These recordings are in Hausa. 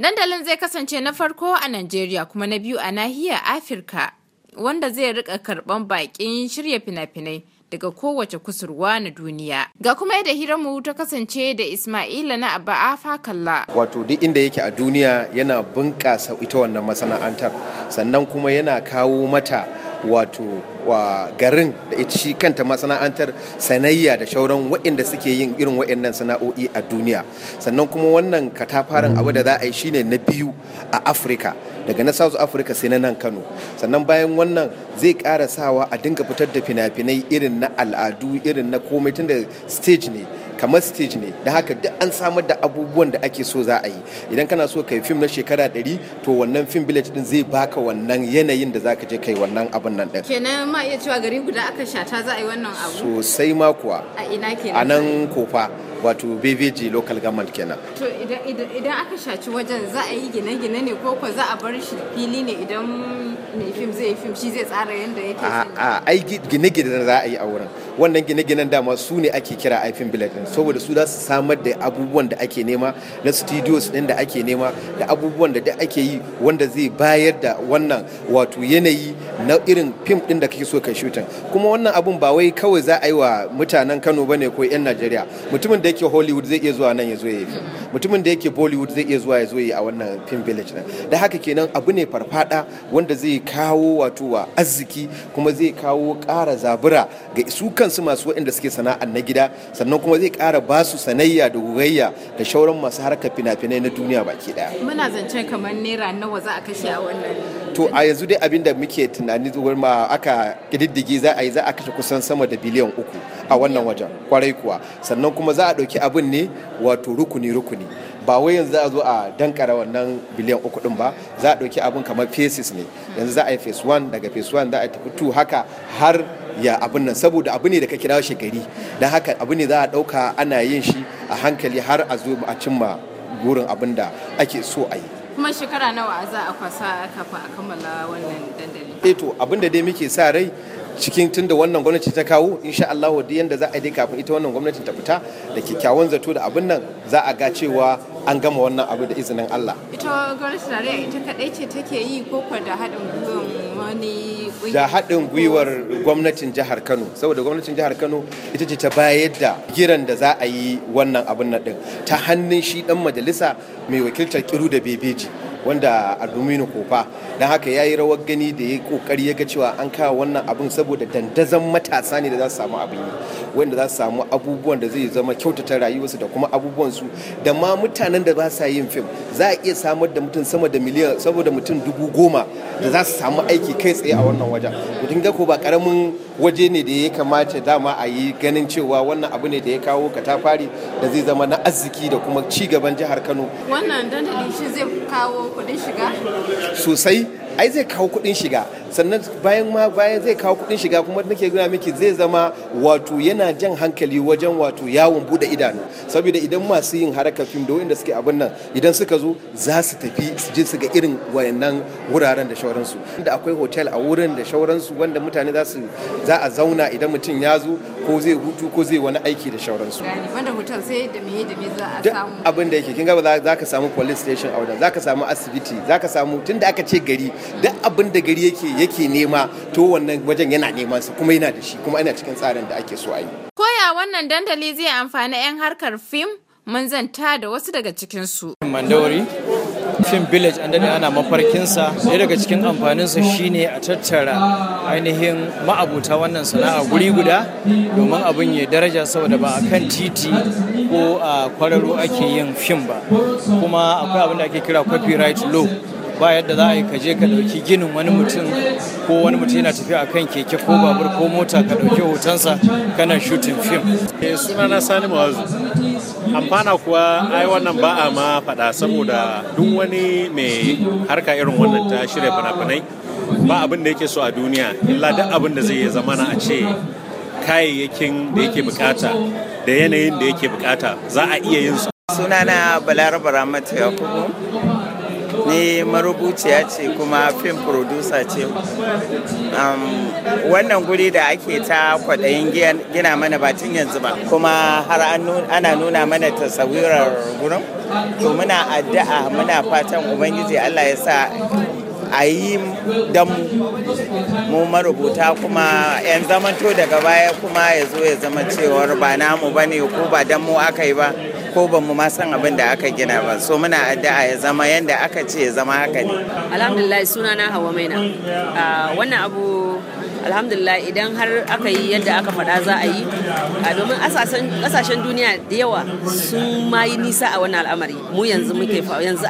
Dandalin zai kasance na farko a Najeriya kuma na biyu a nahiyar Afirka wanda zai rika karban bakin shirya fina-finai daga kowace kusurwa na duniya. Ga kuma yadda hiranmu ta kasance da Ismaila na Abba kalla. Wato duk inda yake a duniya yana bunƙasa ita wannan masana'antar sannan kuma yana kawo mata wato wa garin da ita shi kanta masana'antar sanayya da shauran waɗanda suke yin irin waɗannan sana'o'i a duniya sannan kuma wannan katafaren abu da za a yi shine na biyu a afirka daga na south africa sai na nan kano sannan bayan wannan zai ƙara sawa a dinga fitar da fina-finai irin na al'adu irin na komai tun da stage ne kamar stage ne da haka duk an samar da abubuwan da ake so za a yi idan kana so ka yi fim na shekara 100 to wannan fim village din zai baka wannan yanayin da zaka je kai wannan abin nan din kenan ma iya cewa gari guda aka shata za a yi wannan abu sosai ma kuwa a ina kenan a nan kofa wato bvg local government kenan to idan aka shaci wajen za a yi gine-gine ne ko ko za a bar shi fili ne idan mai fim zai fim shi zai tsara yadda yake a ai gine-gine za a yi a wurin wannan gine-ginen dama su ne ake kira ifin billet din saboda su za su samar da abubuwan da ake nema na studios din da ake nema da abubuwan da ake yi wanda zai bayar da wannan wato yanayi na irin fim din da kake so ka shutin kuma wannan abun ba wai kawai za a yi wa mutanen Kano bane ko 'yan Najeriya mutumin da da yake hollywood zai iya zuwa nan ya zo ya mutumin da yake bollywood zai iya zuwa ya zo ya yi a wannan film village nan da haka kenan abu ne farfada wanda zai kawo wato wa arziki kuma zai kawo ƙara zabura ga su kansu masu waɗanda suke sana'ar na gida sannan kuma zai ƙara basu sanayya da gugayya da shauran masu harkar fina-finai na duniya baki daya muna zancen kamar naira nawa za a kashe a wannan to a yanzu dai abin da muke tunani ma aka kididdigi za a yi za a kashe kusan sama da biliyan uku a wannan wajen kwarai kuwa sannan kuma za a ɗauki abin ne wato rukuni rukuni ba wai yanzu za a zo a dankara wannan biliyan uku din ba za a ɗauki abin kamar faces ne yanzu za a yi face one daga face one za a tafi two haka har ya abin nan saboda abu ne da ka kira shi gari don haka abu ne za a ɗauka ana yin shi a hankali har a zo a cimma burin abin da ake so a yi kuma shekara nawa za a kwasa kafa a kammala wannan dandali eh to abinda dai muke sa rai cikin tun da wannan gwamnati ta kawo insha Allah da yanda za a yi kafin ita wannan gwamnatin ta fita da kyakkyawan zato da abin nan za a ga cewa an gama wannan abu da izinin Allah ita gwamnati tarayya ita kadai ce take yi ko da haɗin gwiwa wani da haɗin gwiwar gwamnatin jihar kano saboda gwamnatin jihar kano ita ce ta bayar da giran da za a yi wannan abin nan ɗin ta hannun shi ɗan majalisa mai wakiltar kiru da bebeji wanda Alumino Kofa don haka ya yi rawar gani da ya kokari ya ga cewa an kawo wannan abun saboda dandazan matasa ne da za su samu abin yi wanda za su samu abubuwan da zai zama kyautata rayuwarsu da kuma abubuwan su da ma mutanen da ba sa yin fim za a iya samar da mutum sama da miliyan saboda mutum dubu goma da za su samu aiki kai tsaye a wannan wajen mutum ga ko ba karamin waje ne da ya kamata dama a yi ganin cewa wannan abu ne da ya kawo katafari da zai zama na arziki da kuma ci gaban jihar Kano wannan dandali shi zai kawo kuɗin shiga sosai ai zai kawo kuɗin shiga sannan bayan ma bayan zai kawo kuɗin shiga kuma nake gina miki zai zama wato yana jan hankali wajen wato yawon bude idanu saboda idan masu yin harakar fim da wanda suke abin nan idan suka zo za su tafi su je su ga irin wayannan wuraren da shauransu inda akwai hotel a wurin da shauransu wanda mutane za su za a zauna idan mutum ya zo ko zai hutu ko zai wani aiki da shauransu wanda hotel sai da me da me za a samu abin da yake kin ga za ka samu police station a wajen za ka samu asibiti za ka samu tunda aka ce gari duk abin da gari yake yake nema to wannan wajen yana neman sa kuma yana da shi kuma yana cikin tsarin da ake so a yi koya wannan dandali zai amfani 'yan harkar fim mun zanta da wasu daga cikin su mandori fim village an dade ana mafarkinsa ɗaya daga cikin amfanin sa shine a tattara ainihin ma'abuta wannan sana'a guri guda domin abin ya daraja saboda ba a kan titi ko a kwararo ake yin fim ba kuma akwai abin da ake kira copyright law ba yadda za a yi kaje ka dauki ginin wani mutum ko wani mutum yana tafiya kan keke ko babur ko mota ka dauki hotonsa kana shooting film eh, na sani mawazu amfana kuwa ai wannan ba a ma faɗa saboda duk wani mai harka irin wannan ta shirya fina-finai ba abin da yake so a duniya illa duk abin da zai na a ce kayayyakin da yake bukata da yanayin da yake bukata za a iya yin su sunana balaraba ramatu yakubu ni marubuciya ce kuma fim producer ce um, wannan guri da ake ta kwaɗayin gina mana batun yanzu ba kuma har ana nuna mana tasawirar gurin to muna addu'a muna fatan ubangiji allah ya sa a yi damu mu marubuta kuma yan zamanto daga baya kuma ya zo ya zama cewar ba namu ba ne ko ba damu mu aka yi ba ko ba mu ma san abin da aka gina ba so muna addu'a ya zama yanda aka ce ya zama haka ne alhamdulillah sunana hawa maina ah, wannan abu alhamdulillah idan har aka yi yadda aka faɗa za a yi a domin ƙasashen duniya da yawa sun ma yi nisa a wannan al'amari mu yanzu muke yanzu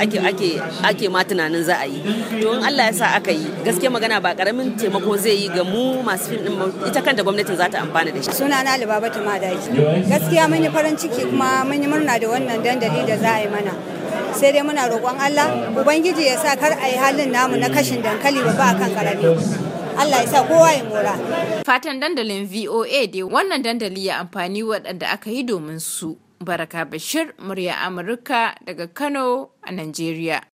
ake ma tunanin za a yi to in Allah ya sa aka yi gaske magana ba karamin taimako zai yi ga mu masu fim din ita kanta gwamnatin za ta amfana da shi suna na Libabatu Madaki gaskiya mun yi farin ciki kuma mun yi murna da wannan dandali da za a yi mana sai dai muna roƙon Allah ubangiji ya sa kar a yi halin namu na kashin dankali ba ba kan karami Allah ya sa kowa ya mora. Fatan dandalin VOA dai wannan dandali ya amfani waɗanda aka yi domin su. Baraka Bashir, murya Amurka daga Kano a Najeriya.